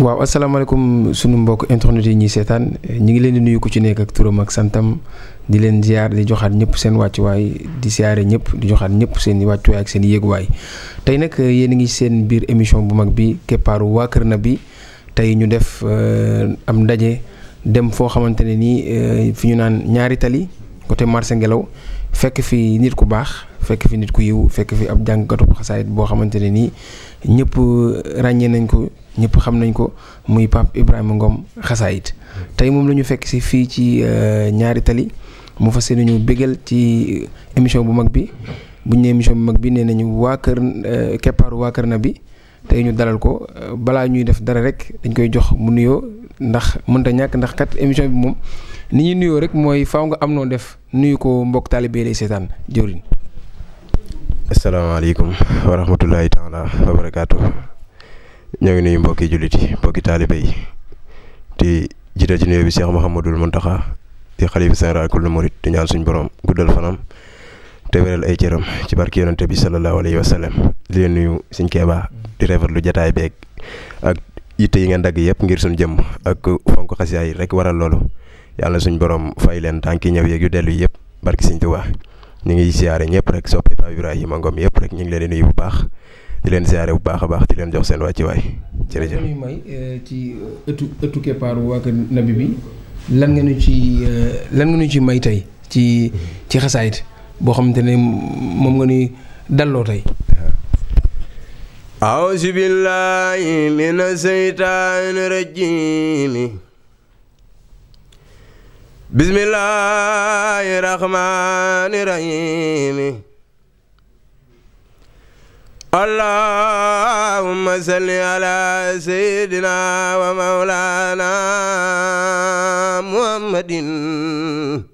waaw asalaamaaleykum sunu mbokk internet yi ñuy seetaan ñi ngi leen di nuyu ko ci nekk ak turam ak santam di leen ziar di joxaat ñëpp seen wàccuwaay di siyaare ñëpp di joxaat ñëpp seen i wàccuwaay ak seen i yéeguwaay tey nag eh, yéen a ngi seen biir émission bu mag bi keppaaru waa Kër na bi tey ñu def eh, am ndaje dem foo xamante ne nii eh, fi ñu naan ñaari tali côté marché ngelaw fekk fi nit ku baax fekk fi nit ku yiw fekk fi ab jàngkatu xasaayit boo xamante ne nii. ñëpp euh, ràññee nañ ko ñëpp xam nañ ko muy Pape Ibrahima Ngom xasaayit tey moom la ñu fekk si fii ci euh, ñaari tali mu fas yéene ñu bégal ci émission bu mag bi bu ñu nee mag bi nee nañu waa kër euh, keppaaru waa kër na bi tey ñu dalal ko balaa ñuy def dara rek dañ koy jox mu nuyoo ndax mënta ñàkk ndax kat émission bi moom ni ñuy nuyoo rek mooy faw nga am noo def nuyu ko mbokk taalibe lay seetaan jëwriñ asalaamaaleykum wa rahmatullahi taala wa barakaatu ñoo ngi nuyu mbokki jullit yi mbokki taalibe yi di jiital ci nuyoo bi Cheikh Mouhamadul Mountakha di xalifa général kullu murit di ñaan suñu borom guddal fanam te wéral ay cëram ci barki yonante bi sallallahu alayhi wa sallam di leen nuyu suñ keebaa di lu jataay beeg ak yitte yi ngeen dagg yëpp ngir suñ jëmm ak fonk xasiyaay rek waral loolu yàlla suñ borom fay leen tànki ñëw yeeg yu dellu yëpp barki Sëñ ñu ngi siyaare ñëpp rek soppe Pape Ibrahima Ngom yëpp rek ñu ngi leen di nuyu bu baax di leen siyaare bu baax a baax di leen jox seen wàccuwaay jërëjëf ñuy may euh, ci euh, ëttu ëttu keppaaru waa kër nabi bi lan nga nu ci euh, lan nga ci may tey ci ci xasaayit boo xamante ne moom nga ni dalloo tey أعوذ بالله من الشيطان الرجيم bismillaahi rahmaani rahiimi allahumma salli ala sayyidina wa mawlana muhammadin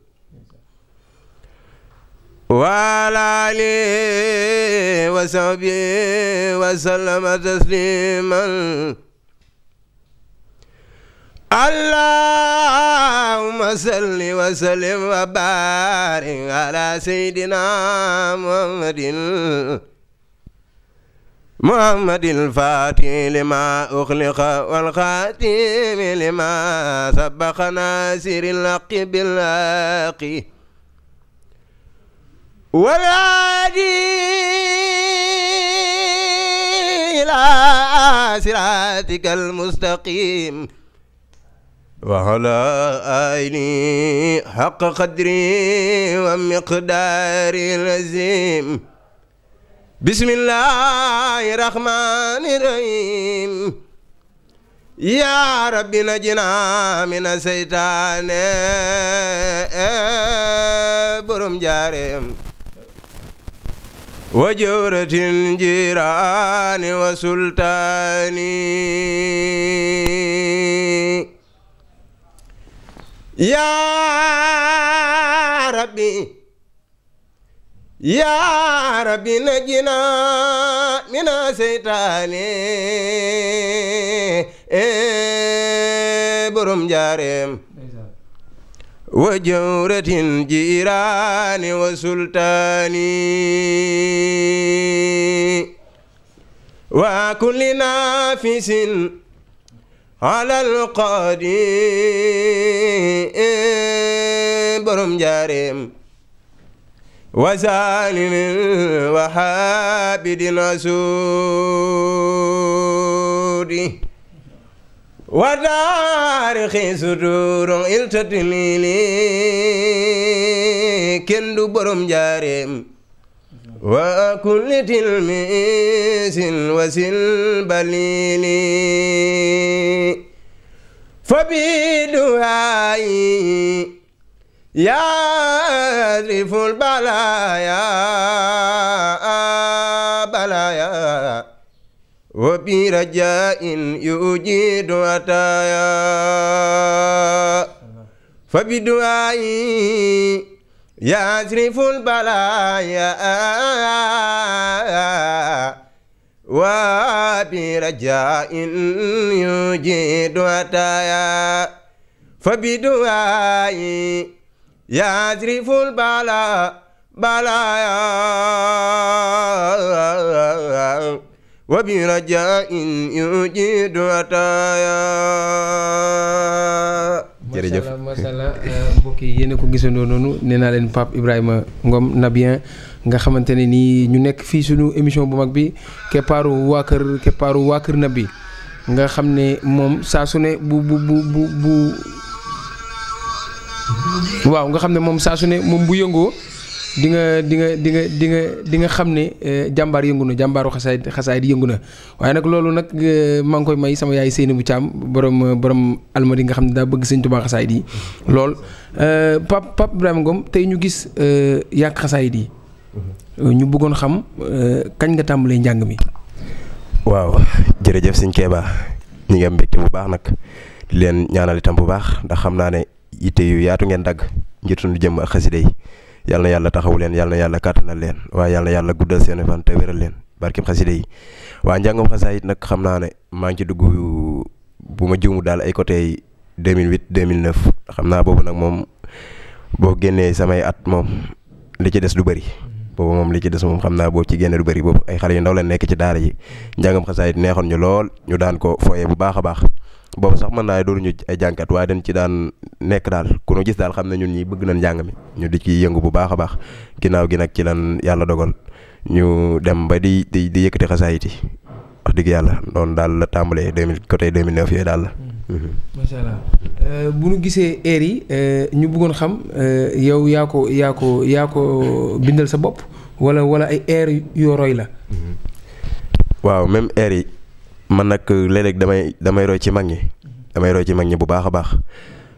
wa ala alihi wa sahbihi wa sallama tasliman allahumma salli wa sallim wa barik ala sayyidina muhammadin muhammadin fatih lima ukhliqa wal khatim lima sabaqa nasiril haqqi bil haqqi wal hadi ila siratikal mustaqim وعلى آله حق قدري ومقداري العظيم بسم الله الرحمن الرحيم يا رب نجنا من الشيطان برم جارم وجورة الجيران وسلطاني yaa rabbi yaa rabbi najjinaa mina seytaane e borom jaareem wa jawratin jiiraani wa sultaani wa kulli naafisin alal qadim borom jaareem wasaalin wahabidin asuudi wadaarixi suduron iltatmili kendu borom jaareem wa kulli tilmisin wasil balili fabiduwaayi yadriful balaya balaya wa bi rajain yujidu ataya fabiduwaayi يزرف البلايا وبرجاء يجيد وتايا فبدعائي يزرف البلاء بلايا وبرجاء يجيد وتايا jërëjëf macha allah euh, mbokk yi yéen a ko gisandoo noonu nee naa leen Pape Ibrahima Ngom Nabien nga xamante ne nii ñu nekk fii suñu émission bu mag bi keppaaru waa kër keppaaru waa kër Nabi nga xam ne moom saa su ne bu bu bu bu waaw nga xam ne moom saa su ne moom bu yëngoo. di nga di nga di nga di nga di nga xam ne eh, jàmbaar yëngu na jàmbaaru xasaay xasaay di yëngu na waaye nag loolu nag eh, maa ngi koy may sama yaay Seyni bu Thiam borom eh, borom almadi nga xam ne daa bëgg sëñ Tuubaa xasaay di lool Pape Pape Ibrahima Ngom tey ñu gis yàq xasaay di mm-hmm. ñu bëggoon xam kañ nga tàmbalee njàng mi. waaw jërëjëf sëñ Keeba ñu ngi am bu baax nag leen ñaanalitam bu baax ndax xam naa ne yitte yu yaatu ngeen dagg njëriñu jëm ak xasida yi yal na yàlla taxawu leen yal na yàlla kàttanal leen waaye yal na yàlla guddal seen fan te wéral leen barkim xasida yi waa njàngam xasaayit nag xam naa ne maa ngi ci dugg bu ma juumu daal ay côté 2008 2009 xam naa boobu nag moom boo génnee samay at moom li ci des du bari boobu moom li ci des moom xam naa boo ci génne du bëri boobu ay xale yu ndaw la nekk ci daara yi njàngam xasaayit neexoon ñu lool ñu daan ko foye bu baax a baax boobu sax mën naa dooruñu ay jànkat waaye dañ ci daan nekk daal ku nu gis daal xam ne ñun ñi bëgg nañ njàng mi ñu di ci yëngu bu baax a baax ginnaaw gi nag ci lan yàlla dogal ñu dem ba di di di yëkkati xasaayit yi wax dëgg yàlla noonu daal la tàmbalee 2000 côté 2009 yooyu daal la. Mm-hmm. macha allah euh, bu ñu gisee air yi euh, ñu bëggoon xam euh, yow yaa ko yaa ko yaa ko bindal sa bopp wala wala ay air yoo roy la. waaw même air yi. man nag euh, léeg damay damay roy ci mag ñi damay roy ci mag ñi bu baax a baax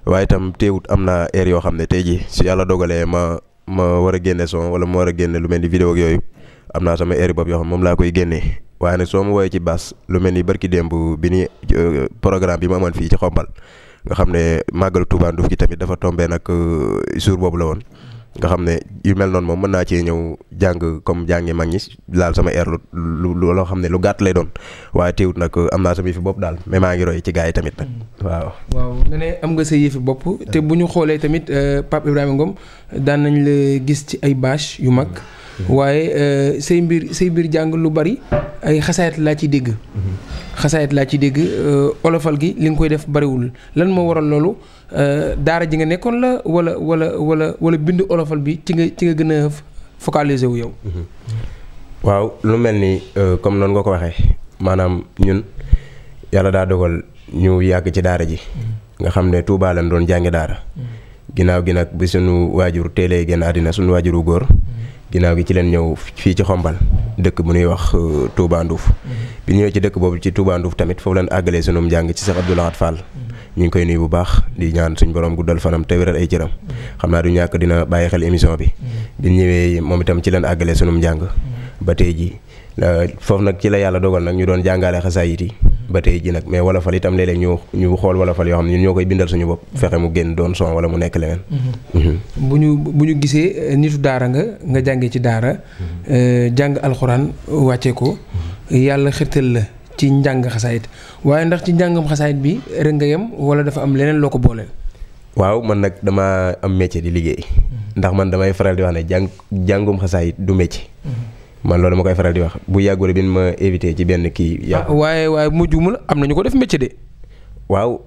waaye itam teewut am na air yoo xam ne tey jii su yàlla dogalee ma ma war a génne son wala ma war a génne lu mel ni vidéo yooyu am naa sama air bopp yoo xam moom laa koy génnee waaye nag soo mu woowee ci baas lu mel ni barki démb bi ni euh, programme bi ma amoon fii ci xombal nga xam ne màggal Tuubaa Nduuf gi tamit dafa tombee nag euh, jour boobu la woon. nga xam ne yu mel noonu moom mën naa cee ñëw jàng comme jàngi mag ñi laal sama air lu lu loo xam ne lu gàtt lay doon waaye teewut nag uh, am naa sama yëfi bopp daal mais maa ngi roy ci gaa yi tamit nag mm. waaw. waaw nga ne am nga sa yëfi bopp te bu ñu xoolee tamit uh, Pape Ibrahima Ngom daan nañ la gis ci ay bâche yu mag. waaye euh, say mbir say mbir jàng lu bari ay xasaayat laa ci dégg. xasaayat laa ci dégg euh, olofal gi li nga koy def bariwul lan moo waral loolu euh, daara ji nga nekkoon la wala wala wala wala bind olofal bi ci nga ci nga gën a focaliser wu yow. waaw lu mel ni comme noonu nga ko waxee maanaam ñun yàlla daa dogal ñu yàgg ci daara ji. nga xam ne Touba lañ doon jàngi daara. Mm. ginnaaw gi nag bi sunu waajur teelee génn àddina sunu waajuru góor. ginnaaw gi ci leen ñëw fii ci xombal dëkk bu nuy wax euh, Touba Ndouf mm-hmm. bi ñëwee ci dëkk boobu ci Touba Ndouf tamit foofu leen àggalee sunum njàng ci Cheikh Abdou Lahad Fall mm-hmm. ñu ngi koy nuyu bu baax di ñaan suñ borom guddal fanam te wéral ay cëram mm-hmm. xam naa du ñàkk dina bàyyi xel émission bi bi ñëwee moom itam ci leen àggalee sunum njàng ba tey ji foofu nag ci la yàlla dogal nag ñu doon jàngaale xasaayit yi ba tey ji nag mais wolofal itam léeg-léeg ñu ñu xool wolofal yoo xam ne ñun ñoo koy bindal suñu bopp mm-hmm. fexe mu génn doon son wala mu nekk leneen. Mm-hmm. Mm-hmm. bu ñu bu ñu gisee eh, nitu daara nga nga jàngee ci daara eh, jàng alxuraan wàccee ko yàlla xirtal la ci njàng xasaayit waaye ndax ci njàngam xasaayit bi rek nga yem wala dafa am leneen loo ko booleel. waaw man nag dama am métier di liggéey. ndax man damay faral di wax ne jàng jàngum xasaayit du métier. man loolu ma koy faral di wax bu yàggure bin ma éviter ci benn kii. Ah, yàqu waaye mu mujjumul am na ñu ko def métier de. waaw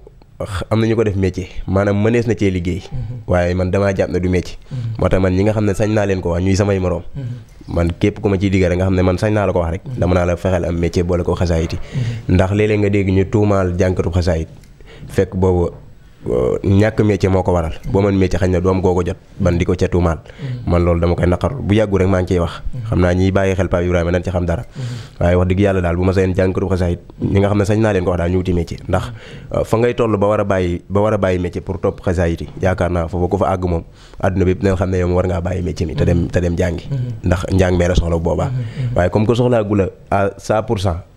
am na ñu ko def métier maanaam mënees na cee liggéey. Mhm. waaye man damaa jàpp ne du métier. Mhm. moo tax man ñi nga xam ne sañ naa leen ko wax ñuy samay moroom. Mhm. man képp ku ma ciy digal nga xam ne man sañ naa la ko wax rek. dama naa la fexeel am métier boole ko xasaayit yi. ndax léeg nga dégg ñu tuumaal jànkatu xasaayit fekk boobu Euh, ñàkk métier moo ko waral boo mën métier xañ na doom googu jot ban di ko ca tuumaal mm-hmm. man loolu dama koy naqarul bu yàggu rek maa ngi ciy wax mm-hmm. xam naa ñiy bàyyi xel Pape Ibrahima nañ ci xam dara mm-hmm. waaye wax dëgg yàlla daal bu ma seen jàngkatu xasaayit ko euh, fa ngay toll ba war a bàyyi ba war a bàyyi métier pour topp xasaayit yi yaakaar naa foofu ku fa àgg moom àdduna bi dinañ xam ne yow war ngaa bàyyi métier mi te dem jàngi ndax njàng mee la soxla boobaa waaye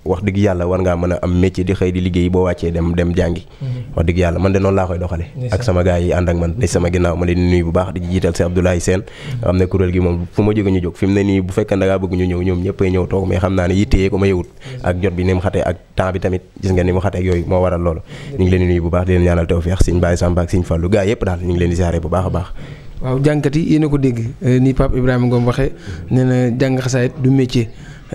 wax dëgg yàlla war ngaa mën a am métier di xëy di liggéey boo wàccee dem dem jàngi mhm. wax dëgg yàlla man de noonu laa koy doxale ak sama gars yi ànd ak man ne sama ginnaaw ma leen di nuyu bu baax di mhm. da leen ñaanal tawfeex Sëñ Baye Samba ak Sëñ Fallou gars yëpp daal ñu ngi leen di siyaare bu baax a baax waaw jànkat yi ko dégg eh, ni Pape Ibrahima Ngom waxee mhm. nee jàng xasaayit du métier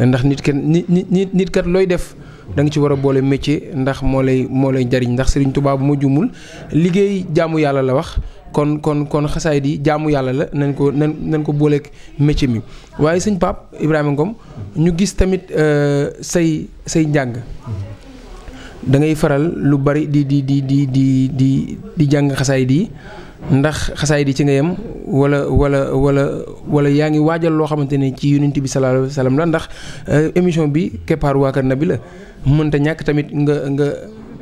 ndax nit kat nit looy def da nga ci war a boole métier ndax moo lay moo lay jariñ ndax Serigne Touba bu ma jumul liggéey jaamu yàlla la wax kon kon kon xasaay di jaamu yàlla la nañ ko nañ ko booleeg métier mi. waaye sëñ Pape Ibrahima Ngom ñu gis tamit euh, say say njàng. dangay faral lu bari di di di di di di di jàng xasaay di. ndax xasaay di ci nga yem wala wala wala wala yaa ngi waajal loo xamante ne ci yonent bi sallallahu alayhi wa la ndax euh, émission bi keppaaru waa na bi la mënta ñàkk tamit nga nga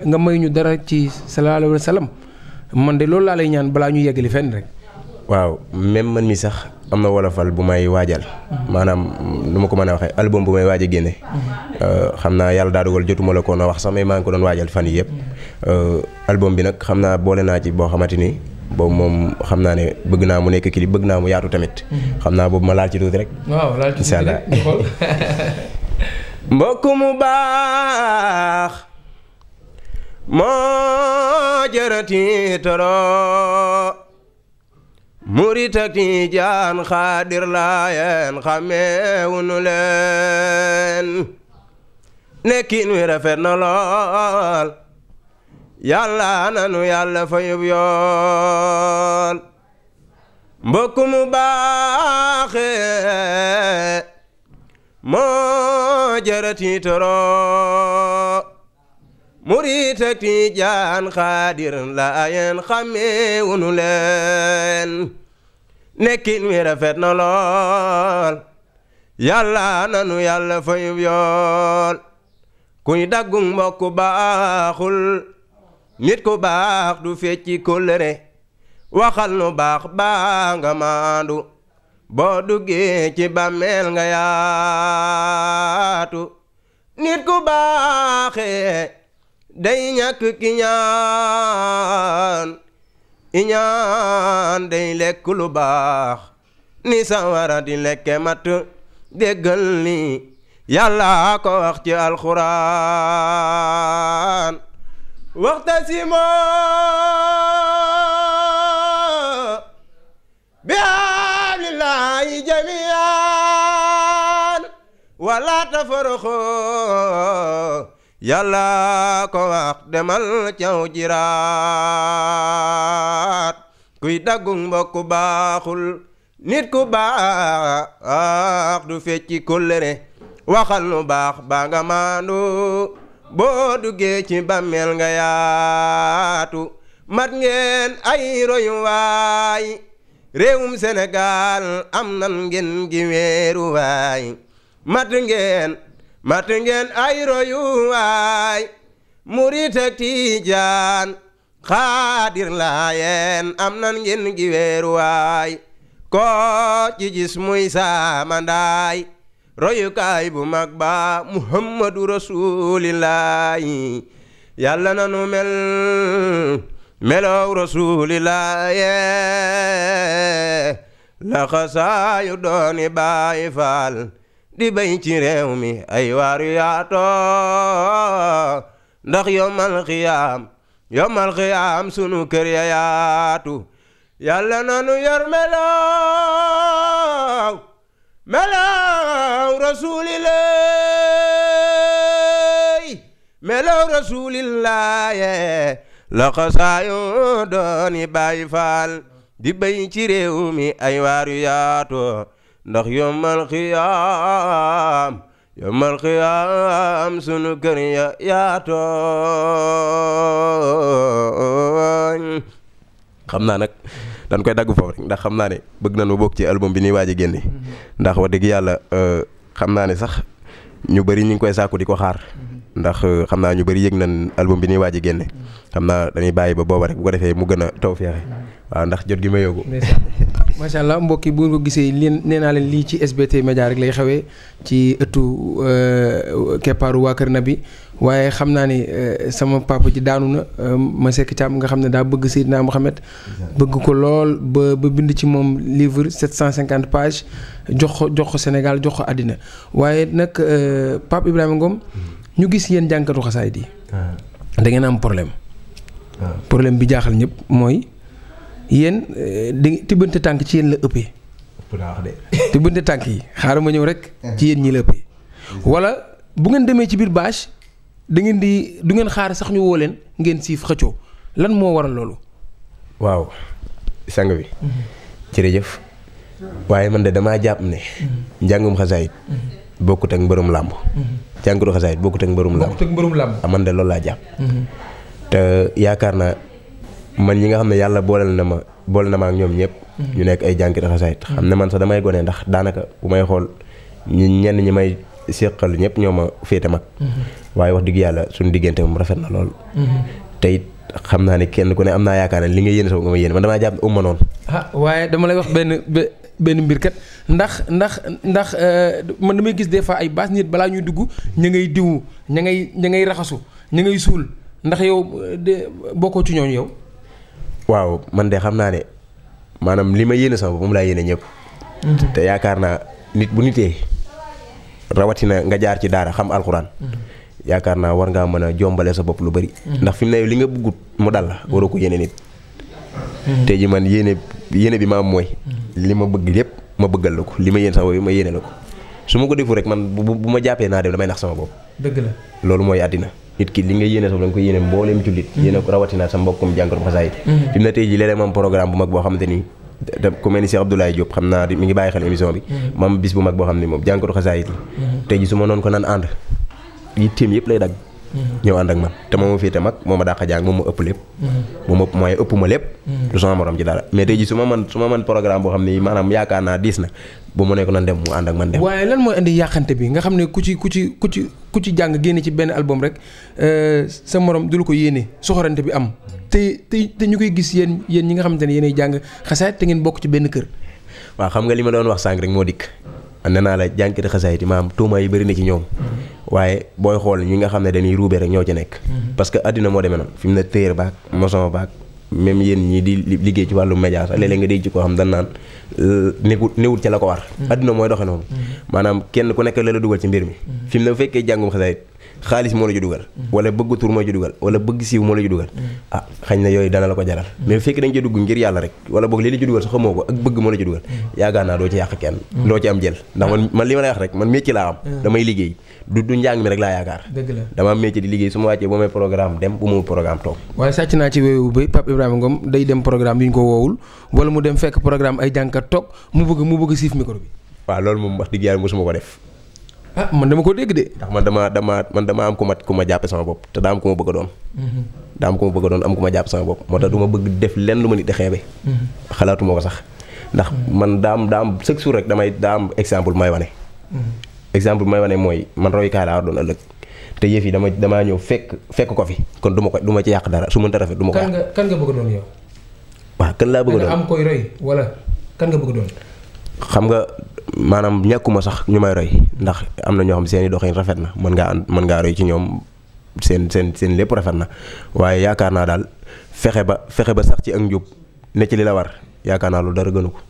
nga may dara ci sallallahu alayhi wa sallam man de loolu laa lay ñaan balaa ñu yeggali fenn rek. waaw même man mi sax am na wolofal bu may waajal. maanaam nu ma ko mën a waxee album bu may waaj a génne. Euh, xam naa yàlla daa jotuma la koo na wax sax mais maa ngi ko doon waajal fan yii yëpp. Euh, album bi nag xam naa boole naa ci boo xamante ni. boobu moom xam naa ne bëgg naa mu nekk clip bëgg naa mu yaatu tamit. Mm-hmm. xam naa boobu ma laal ci tuuti rek. mbokk mu baax moo jërëti toro murit ak tijaan xaadir laayeen xameewunu leen nekkin wi rafet na yàlla nanu yàlla fayub yool mbokk mu baaxee moo jarati toro murit ak tijaan xaadir laayeen xàmmee wunu leen nekkin wi rafet na lool nanu yàlla fayub yool kuy daggum mbokk baaxul nit ku baax du fecci kóllëre waxal nu baax baa nga maandu boo duggee ci bàmmeel nga yaatu nit ku baaxee day ñàkk ki iñaan day lekk lu baax ni sawara di lekke matt déggal ni yàlla ko wax ci alxuraan واعتصموا بحبل الله جميعا ولا تفرقوا yàlla ko wax demal caw jiraat kuy daggung mbokku baaxul nit ku baax du fecci kóllëre waxal nu baax baa nga maandu boo duggee ci bàmmeel nga yaatu mat ngeen ay royuwaay réewum Sénégal am nan ngeen gi weeruwaay mat ngeen mat ngeen ay royuwaay murit ak tiijaan xaadir laayeen am nan ngeen gi weeruwaay ko ci gis muy samandaay royukaay bu mag ba muhammadu rasuulillaahi yàlla na nu mel melow rasuulillaahi laxasaayu dooni baay faal di bay ci réew mi ay waar yu yaatoo ndax yomal xiyaam yomal sunu kër ya yaatu yàlla na nu melow melaw rasulillahi melaw rasulillahi la xasaayu dooni bàyyi faal di béy ci réew mi ay waar yu yaatoo ndax yombal xiyaam yombal xiyaam sunu kër ya yaatoo naa nag dañ koy dagg foofu rek ndax xam naa ne bëgg nañ ma bokk ci album bi nii waaj a génne mm-hmm. ndax wax dëgg yàlla euh, xam naa ne sax ñu bari ñu ngi koy sàkku di ko xaar mm-hmm. ndax euh, xam naa ñu bari yëg nañ album bi nii waaj a génne mm-hmm. xam naa dañuy bàyyi ba booba rek bu ko defee mu gën a taw feexe waaw ndax jot gi ma yóbbu macha allah mbokk yi bu ko gisee lii nee naa leen lii ci SBT Média rek lay xewee ci ëttu euh, keppaaru waa Kër na bi waaye xam naa ne euh, sama papa ji daanu na euh, ma sekk Thiam nga xam ne daa bëgg Seydina Mohamed bëgg ko lool ba ba bind ci moom livre 750 pages jox ko jox ko Sénégal jox ko àddina waaye nag euh, Pape Ibrahima Ngom ñu gis yéen jànkatu xasaayid di ah. da ngeen am problème. Ah. problème bi jaaxal ñëpp mooy yéen di tibbante tànk ci yéen la ëppee. tibbante tànk yi xaaral ma ñëw rek. ci yéen ñi la ëppee. wala bu ngeen demee ci biir bâche. da ngeen di du ngeen xaar sax ñu woo leen ngeen siif xëccoo lan moo waral loolu. waaw sang bi. jërëjëf waaye man de damaa jàpp ne. njàngum xasaayit. bokkut ak mbërum làmb. jàngatu xasaayit bokkut ak mbërum làmb bokkut ak ah, man de loolu laa jàpp. Mhm. te yaakaar naa man ñi nga xam ne yàlla booleel na ma boole na ma ak ñoom ñëpp. Mhm. ñu nekk ay jàngatu xasaayit. xam ne man sax damay gone ndax daanaka bu may xool ñun ñenn ñi may. seqal ñëpp ñoo ma féete mag mm-hmm. waaye wax dëgg yàlla suñu diggante mu rafet na loolu mm-hmm. te xam naa ne kenn ku ne am naa yaakaar ne li nga yéene sama nga ma yéene ah, waaye dama lay wax benn benn mbir kat ndax ndax ndax euh, man damay gis des fois ay baas nit balaa ñuy dugg ña ngay diwu ña ngay ña ngay raxasu ña ngay suul ndax yow euh, de bokkoo yow waaw man de xam naa ne maanaam li ma yéene sama bopp moom laa yéene ñëpp mm-hmm. te yaakaar naa nit bu nitee rawatina nga jaar ci daara xam alxuraan. Mm-hmm. yaakaar naa war ngaa mën a jombale sa bopp lu bari. Mm-hmm. ndax fi mu ne li nga bëggut mu dal la waroo ko yéene nit. Mm-hmm. tey ji man yéene yéene bi ma am mooy. li ma bëgg lépp ma bëggal la ko li ma yéen sax ma yéene la ko su ma ko defu rek man bu bu ma jàppee naa dem damay nax sama bopp. dëgg loolu mooy àddina. nit ki li nga yéene sax da nga ko yéene mbooleem jullit. yéene ko rawatina sa mbokkum jàngoro xasaayit. fi mu ne tey ji léeg mag boo xamante ni ku mel ni Cheikh Abdoulaye Diop xam naa mi ngi bàyyi xel émission bi mm-hmm. moom bis bu mag boo xam ne moom jànkatu xasaayit yi mm-hmm. tey ji su ma noonu ko naan ànd yitteem yëpp lay dagg Mhm. ñëw ànd ak man te moom ma féete mag moom ma dàq jàng moom ma ëpp lépp mhm. moom ëpp mooy ëpp ma lépp mhm. du sama morom ci daal mais tey ji su ma man su ma man programme boo xam ne maanaam yaakaar naa diis na bu mu nekk nan dem mu ànd ak man dem waaye lan mooy indi yàqante bi nga xam ne ku ci ku ci ku ci ku ci jàng génne ci benn album rek euh, sa morom du la ko yéene soxorante bi am te te te ñu koy gis yéen yéen ñi nga xamante ne yéenay jàng xasaat te ngeen bokk ci benn kër waaw xam nga li ma doon wax sànq rek moo dikk nee naa la jànkati xasaayit yi maam tuuma yi bëri na ci ñoom waaye booy xool ñi nga xam ne dañuy ruube rek ñoo ci nekk mm-hmm. parce que àddina moo demee noonu fi mu ne téer baak maçon baak même yéen ñi di liggéey ci wàllu média a léeg-léeg nga dégg ci koo xam dañ naan newul newul la ko war mm-hmm. àddina mooy doxe noonu mm-hmm. maanaam kenn ku nekk la la dugal ci mbir mi fi mu ne bu fekkee jàngum xasaayit xaalis moo la ci dugal wala bëgg tur dugal wala bëgg siiw moo la ci dugal ah na yooyu dana la ko jaral mais fekk dañ ci yàlla rek wala boog lii la ci dugal sax xamoo ko ak bëgg moo la ci dugal yaakaar naa man man li ma lay ah. liggéey du du njàng laa yaakaar dama am métier di liggéey su ma wàccee bu may programme dem bu mu programme toog dem programme yu ñu ko woowul wala mu dem fekk programme ay jànkat toog mu bëgg mu bëgg siif micro bi waaw loolu moom wax dëgg yàlla ma ko def Ah, man dama ko dégg de ndax man dama dama man dama am ku ma ku ma jàppe sama bopp te daa am ku ma bëgg a doon mhm. daa am ku ma bëgg a doon am ku ma jàppe sama bopp moo tax du ma bëgg def lenn ma nit di ma ko du ma ci yàq dara su mënta rafet du ma ko yàq kan nga kan nga bëgg a doon yow waaw kan laa bëgg a doon am koy roy wala kan nga bëgg a doon xam nga maanaam ñàkkuma sax ñu may roy ndax am na ñoo xam seen i doxin rafet na mën ngaa mën ngaa roy ci ñoom seen seen seen lépp rafet na waaye yaakaar naa daal fexe ba fexe ba sax ci ak njub ne ci li la war yaakaar naa loolu dara gënu ko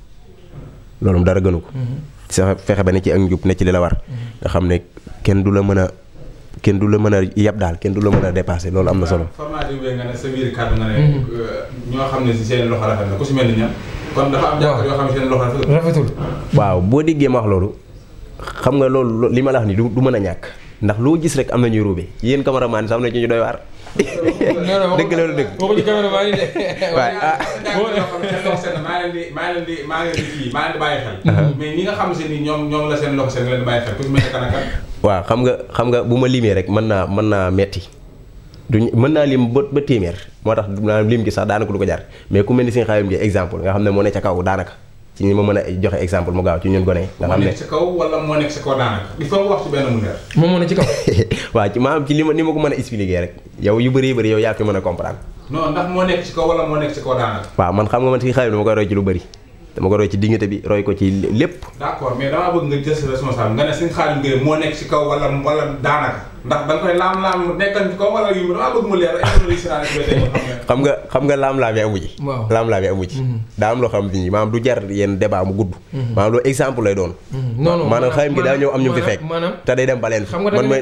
loolu dara gënu ko. Mm-hmm. sa fexe ba ne ci ak njub ne ci li la war. Mm-hmm. nga xam ne kenn du la mën a kenn du la mën a yab daal kenn du la mën a dépassé loolu am na solo. kon waaw boo diggee ma wax loolu xam nga loolu li ma la wax du mën a ñàkk ndax loo gis rek am na ñuy ruube yéen cameraman sax am na ñu doy waar. dëgg loolu dëgg. boo ko ci cameraman yi de. waaw ah. maa leen di maa mais ñi nga xam si ni ñoom la seen loxo seen leen bàyyi xel ku ci mel ne kan waaw xam nga xam nga bu ma limee rek mën naa mën naa metti du duñ mën naa lim ba ba téeméer moo tax maanaam lim gi sax daanaka du ko jar mais ku mel ni seen xaayam gi exemple nga xam ne moo ne a ci ñun gone nga xam ne nekk sa kaw wala moo nekk sa kaw daanaka il faut wax ci benn mu leer moom moo ne ci kaw waaw ci maanaam ci li ma ni ma ko mën a expliquer rek yow yu bëri bëri yow yaa ko mën a comprendre non ndax moo nekk ci kaw wala moo nekk ci kaw daanaka waaw man xam nga man si xaayam dama koy roy ci lu bëri dama ko roy ci dignité bi ko ci lépp. d'accord mais damaa bëgg nga jël sa responsable nga ne Serigne Khadim Gueye moo nekk ci kaw wala nga koy laam-laam nga xam nga laam yi amu ci. waaw laam-laam yi amu ci. Mhm. daa am loo xam ne maanaam du jar yenn débat mu gudd. Mhm. maanaam loolu exemple lay doon. Mhm. non non maanaam Khadim Gueye daa ñëw am ñu fi fekk. te day ma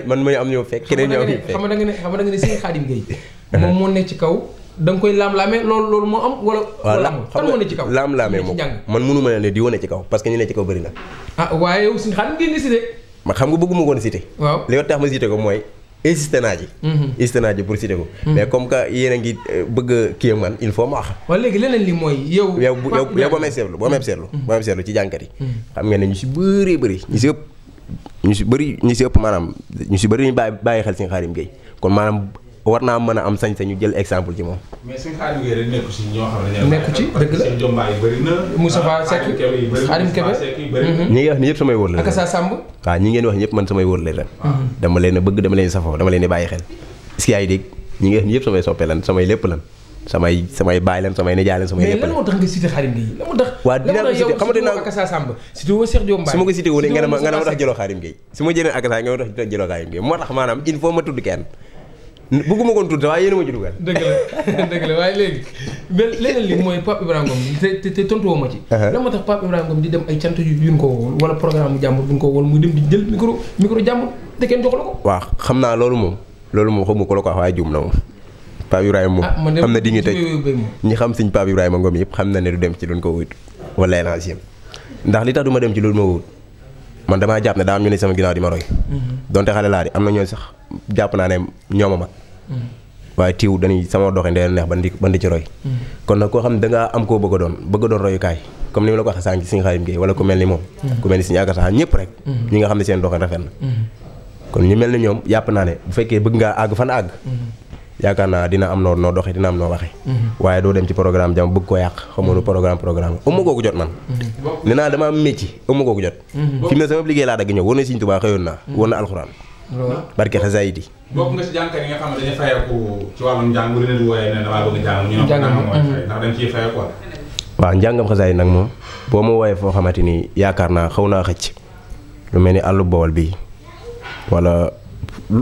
man ma ñu am ñu xam nga da nga ne xam nga da moom moo nekk ci kaw da nga koy laam-laamee loolu loolu moo am. wala wala kan moo ne ci kaw laam-laamee moom ah, xam nga bëgguma ko mooy. insisté naa ji. Mhm. insisté naa ji pour cité ko. Mhm. mais comme que yéen a ngi euh, bëgg a kii man ñu si bëree bëri ñu si ëpp ñu si ëpp maanaam ñu si bëri ñu bàyyi xel si Xaadim Gueye kon maanaam war naa mën a am sañ-sañu jël exemple ci moom. mais suñu xaalis yooyu rek nekku ci ñoo xam ne. nekku ci dëgg la seen jombaay yi bëri na. Moustapha Seck Arim Kébé ñi ngay wax ni yëpp samay wóor la. ak sa Samb. waaw ñi ngeen wax ñëpp la ren. Mhm. a bëgg dama a bàyyi xel. est-ce que yaa ngi dégg su ma ko cité woon nga ma nga ma tax jëloo Xaadim Gueye su ma jëlee Akasa nga ma tax jëloo Xaadim Gueye moo tax maanaam il ma tudd kenn bëgguma koon tudd waaye yéen ma ci dugal. dëgg la dëgg la waaye léegi leneen li mooy Pape Ibrahima Ngom te te tontu ma ci. lan moo tax Pape Ibrahima Ngom di dem ay cant ko wala programme mu jàmbur bu ñu ko wóol muy dem di jël micro micro jàmbur te kenn jox la ko. waaw xam naa loolu moom loolu moom xamuma ko la ko wax waaye juum na moom. Pape Ibrahima moom ah, xam na di ñu tëj ñi xam suñ Pape Ibrahima Ngom yëpp xam na ne du dem ci luñ ko wut wala élargir ndax li tax ma dem ci loolu ma wut man damaa jàpp ne daa am ñu ne sama ginnaaw di ma roy. Mhm. donte xale laa di am na ñooñu sax jàpp naa ne ñoom mhm. a waaye tiw dañuy sama doxin day neex ba ndi ba ndi roy. Mhm. kon nag koo xam ne da ngaa am koo bëgg a doon bëgg a doon royukaay comme ni ma la ko waxee sànq si Serigne Khadim Gueye wala ku mel ni moom. ku mel ni Serigne Akassa ñëpp rek. ñi nga xam ne seen doxin rafet na. kon ñu mel ni ñoom jàpp naa ne bu fekkee bëgg ngaa àgg fan àgg. yaakaar naa dina am noo noo doxee dina am noo waxee mm-hmm. waaye doo dem ci programme jam bëgg ko yàq xamoonu programme programme ëmma kooku jot man mm-hmm. ne naa dama am métier ëmma kooku jot mm-hmm. fi ne sama liggéey laa dagg ñëw woon na Sëriñ Tuubaa xëyoon nag moom boo ma wooyee foo xamante ni yaakaar naa xaw naa xëcc lu mel ni àllu Bawol bii wala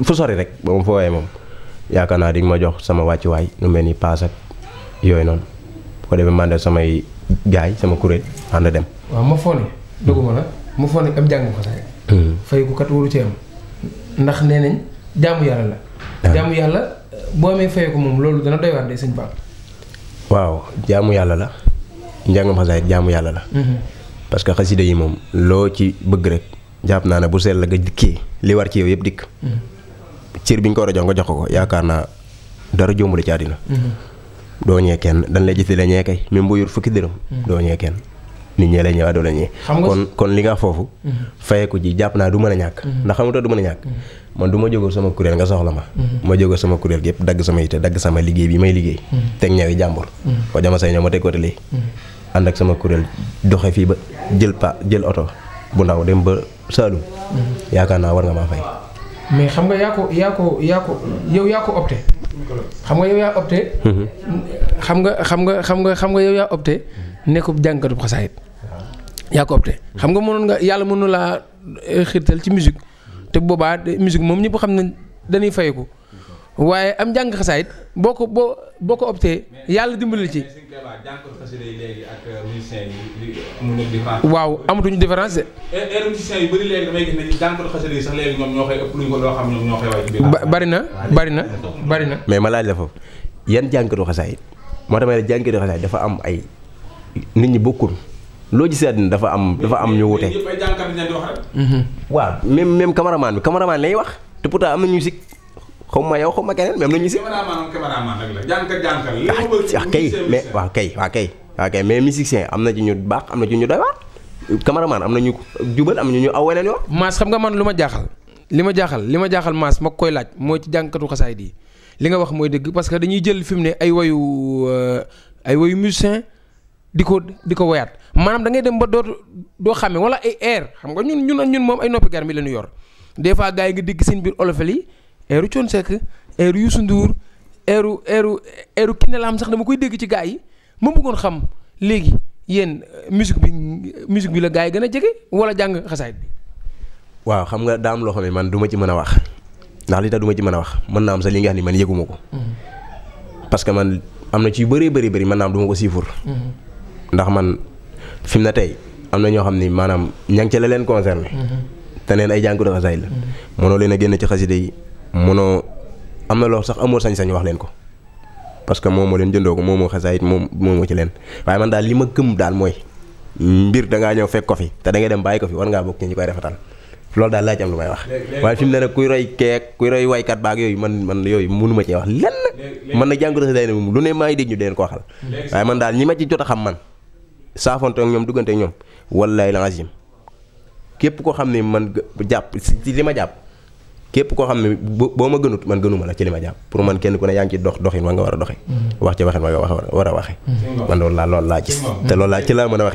fu sori rek ba ma fa wooyee moom yaakaar naa dañ ma jox sama wàccuwaay nu mel ni paas ak yooyu noonu bu ko defee mandel samay gaay sama kuréel ànd dem. waaw ma foon duguma la ma foon am jàng ko sax. Hmm. fay ko kat yàlla la. Ah. jaamu boo amee fay moom loolu dana doy Ba. waaw jaamu yàlla la njàngam xasaayit jaamu yàlla la. Hmm. que xasida yi moom loo ci bëgg rek jàpp naa ne bu sell la nga dikkee li war ci yow yëpp dikk. Hmm. cër bi ñu ko war a jox nga jox ko yaakaar naa dara jómbale ci àddina mm-hmm. doo ñee kenn dañ lay gis di la ñee kay même bu yor fukki dërëm mm-hmm. doo ñee kenn nit ñee lay ñëwaat doo la ñee kon kon li nga foofu mm-hmm. fayeku ji jàpp naa du mën a ñàkk ndax xam nga du mën a ñàkk man du ma jógoo sama kuréel nga soxla ma ma jógoo sama kuréel gi yëpp dagg sama a dagg sama liggéey bi may liggéey teg ñawi jàmbur ko jama say ñoo ma teg ko télé ànd ak sama kuréel doxe fii ba jël pa jël oto bu ndaw dem ba Saalum yaakaar naa war nga maa mais xam nga yaa ko yaa ko yaa ko yow yaa ko opté. xam nga yow yaa opté. Mhm. xam nga xam nga xam nga xam nga yow yaa opté nekkub jànkatub xasaayit. yaa ko opté xam nga mënoon nga yàlla mënu laa xirtal ci musique te boobaa musique moom ñëpp xam ne dañuy fayeku waaye am jàng xasaayit boo ko boo boo ko opté yàlla dimbali ci. Euh, waaw amatuñu différence de. Eh, eh, bari na bari na bari na. mais ma laaj la foofu yan jànkatu xasaayit moo tax ma ne jànkatu xasaayit dafa am ay nit ñi bokkul loo gisee àddina dafa am dafa am ñu wute. Mhm. waaw même même cameraman bi cameraman lay wax te pourtant am na ñu sikk xaw ma yow xaw ma keneen même nañu si. ma bëgg wax kay mais waaw kay kay waaw mais musicien am na ci ñu baax am na ci ñu doy waar caméraman am na ñu jubal am na ñu aw weneen yoon. Mass xam nga man lu ma jaaxal li ma jaaxal li ma jaaxal Mass ma koy laaj mooy ci jànkatu xasaay di li nga wax mooy dëgg parce que dañuy jël fi mu ne ay wayu euh, ay wayu musicien di ko di ko woyaat maanaam da ngay dem ba doo doo xàmme wala ay air xam nga ñun ñun ñun moom ay noppi gar mi la ñu yor des fois gars yi nga dégg seen biir olofel eeru Thione Seck eeru Youssou Ndour eeru eeru eeru la am sax dama koy dégg ci gaa yi ma bëggoon xam léegi yéen euh, musique bi musique bi la gaa yi gën a jege wala jàng xasaayit bi. waaw xam nga daa am loo xam ne man duma ci mën a wax ndax li tax du ma ci mën a wax mën naa am sax li nga xam ne man yëguma ko. Mhm. parce que man am na ci yu bëree bëri bëri man naa am du ma ko siifur. Mhm. ndax man fi mu ne tey am na ñoo xam ne maanaam ña nga la leen concerné. Mhm. te neen ay jànku xasaayit la. mënoo leen a génn ci xasida yi mënoo am na loo sax amoo sañ-sañ wax leen ko parce moom moo ma leen jëndoo ko moo ma xasaayit moom moo ma ci leen waaye man daal li ma gëm daal mooy mbir da ngaa ñëw fekk fi te da ngay dem bàyyi ko fi war ngaa bokk ci ñu daal laa ci am lu may wax waaye fi mu ne nag kuy roy keek man man yooyu mënu ma cee wax lenn man na jàngoro si lu ne maa ngi dégg ñu deen koo man daal ñi ma ci jot a xam man saafonte ak ñoom duggante ak ñoom wallaay la képp koo xam ne man jàpp si li ma jàpp képp koo xam ne boo ma gënut man gënuma la ci li ma jàpp pour man kenn ku a yaa ngi ci dox doxin wa nga war a doxee mm-hmm. wax ci waxin wa nga war a waxee mm-hmm. man loolu laa loolu laa gis a la war a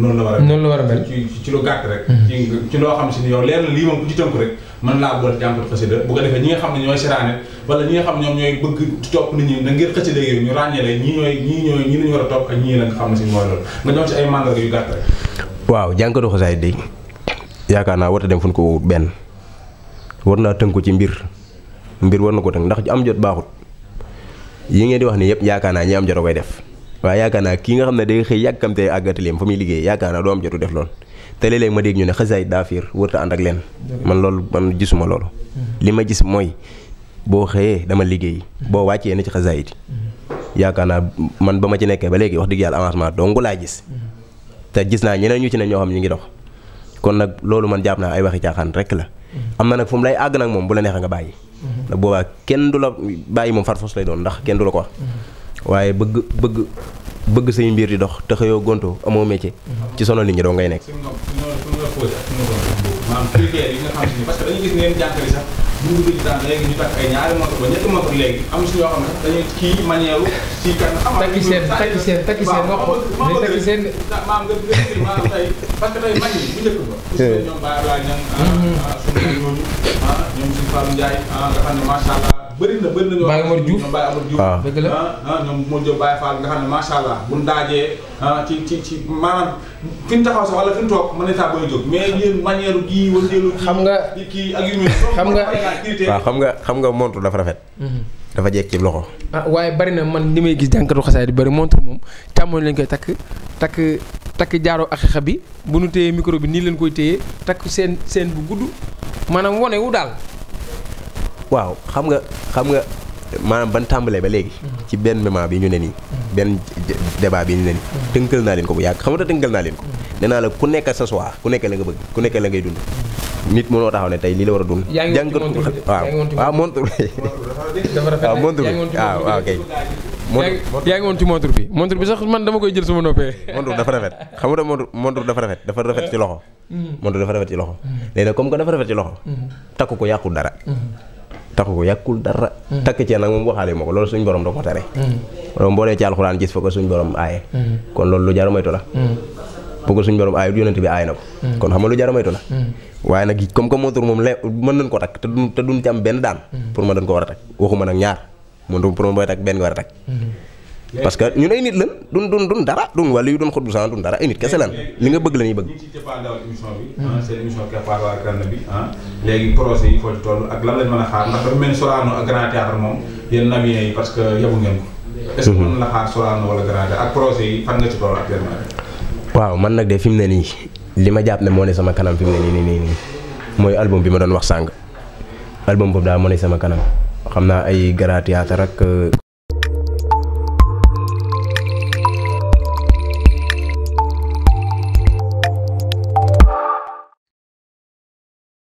noonu a ci lu gàtt rek mm-hmm. ci loo xam si ni yow leer na lii moom ku ci tënk rek mën laa boole jànkatu xasida bu ko defee ñi nga xam ne ñooy siraane wala ñi nga xam ñoom ñooy bëgg topp nit ñi na ngir xasida yi ñu ràññee la ñooy ñii ñooy war a topp ak ñii la nga xam ne si mooy loolu nga ñëw waaw jànkatu xasaay de yaakaar naa war a dem fu ñu ko wowut benn war naa ko ci mbir mbir war na ko tënk ndax am jot baaxut yi ngeen di wax ni yëpp yaakaar naa ñi am jot a koy def waaye yaakaar naa kii nga xam ne day xëy yàkkamte àggatalim fa muy liggéey yaakaar naa doo am jotu def loolu te léeg ma dégg ñu ne xasaay daa fiir wërta ànd ak leen man loolu man gisuma loolu li ma gis mooy boo xëyee dama liggéey boo wàccee na ci xasaayit yaakaar naa man ba ma ci nekkee ba léegi wax dëgg yàlla avancement dongu laa gis te gis naa ñeneen ñu ci ne ñoo xam ñu ngi dox kon nag loolu man jàpp naa ay waxi caaxaan rek la am na nag fu mu lay àgg nag moom bu la neexee nga bàyyi mm-hmm. ndax boobaa kenn du la bàyyi moom farfos lay doon ndax kenn du la ko wax mm-hmm. waaye bëgg bëgg bëgg say mbir di dox te xëyoo gonto amoo métier mm-hmm. ci sonal nit ñi doo ngay nekk. parce ñu ngi daan léegi ñu takk ay ñaari moto ba ñetti moto léegi am si ñoo xam ne dañuy kii manière si kan. takki seen takki seen takki seen nga xool mais takki seen de. maam nga gën maanaam tey parce que tey mag yi bu njëkk ba. Hmm. ñoom Baye Ablaye ah, hmm. ah, ah, ñoom. ah suñu ñoom suñu Fallou Ndiaye ah nga xam ne macha allah. bëri na bëri na ah. ah, ah, nga xam ci ci nga kii xam nga waaw xam nga xam nga montre dafa rafet. Mhm. dafa jekk ci loxo. waaye bari na man li may gis jànkatu xasaay bari montre moom càmmoñ lañ koy takk takk takk jaaroo ak xexa bi bu nu téyee micro bi nii leen koy téyee takk seen seen bu gudd maanaam wone wu daal waaw xam nga xam nga maanaam ban tàmbalee ba léegi. ci benn moment bi ñu ne nii. benn débat bi ñu ne nii. tënkal naa leen ko bu yàgg xam nga tënkal naa leen ko. nee la ku nekk sa soir ku nekk la nga bëgg ku nekk la ngay dund. nit mënoo taxaw ne tey lii la war a dund. jàngatu waaw waaw montre bi. waaw montre bi waaw bi sax man dama koy jël suma noppee. montre dafa rafet xam nga montre montre dafa rafet dafa rafet ci loxo. Mm. montre dafa rafet ci loxo. Mm. léegi nag comme que dafa rafet ci loxo. Mm. takku ko yàqul dara. taxu ko yàkkul dara mm. takk ceen nag moom waxaale ma ko loolu suñ borom da ko tere mm. loolu boo dee ci alxuraan gis fa ko suñ borom aaye mm. kon loolu lu jar a moytu la bu ko suñ borom aaye yonent bi aaye na ko kon xam nga lu jar a la waaye nag comme que moom le mën nañ ko takk te duñ te duñ ci benn daan pour ma dañ ko war a takk waxuma nag ñaar moom pour ma booy takk benn war a takk parce que ñun ay nit lan dun dun dun dara dun wàllu yu dun xut bu dun dara ay nit kese lan li nga bëgg la ñuy bëgg. ñu ngi ci cëppaandaw émission bi. ak Argane bi. léegi projet yi foo ci toll ak lan lañ mën a xaar ndax dafa mel ak Grand Théâtre moom yéen navien yi parce que yabu ngeen ko. Mhm. est-ce que mën la Grand ak projet yi fan nga ci toll waaw man nag de fi mu ne nii li ma jàpp ne moo ne sama kanam fi ne nii nii mooy album bi ma doon wax sàng album daa moo sama kanam xam naa ay Grand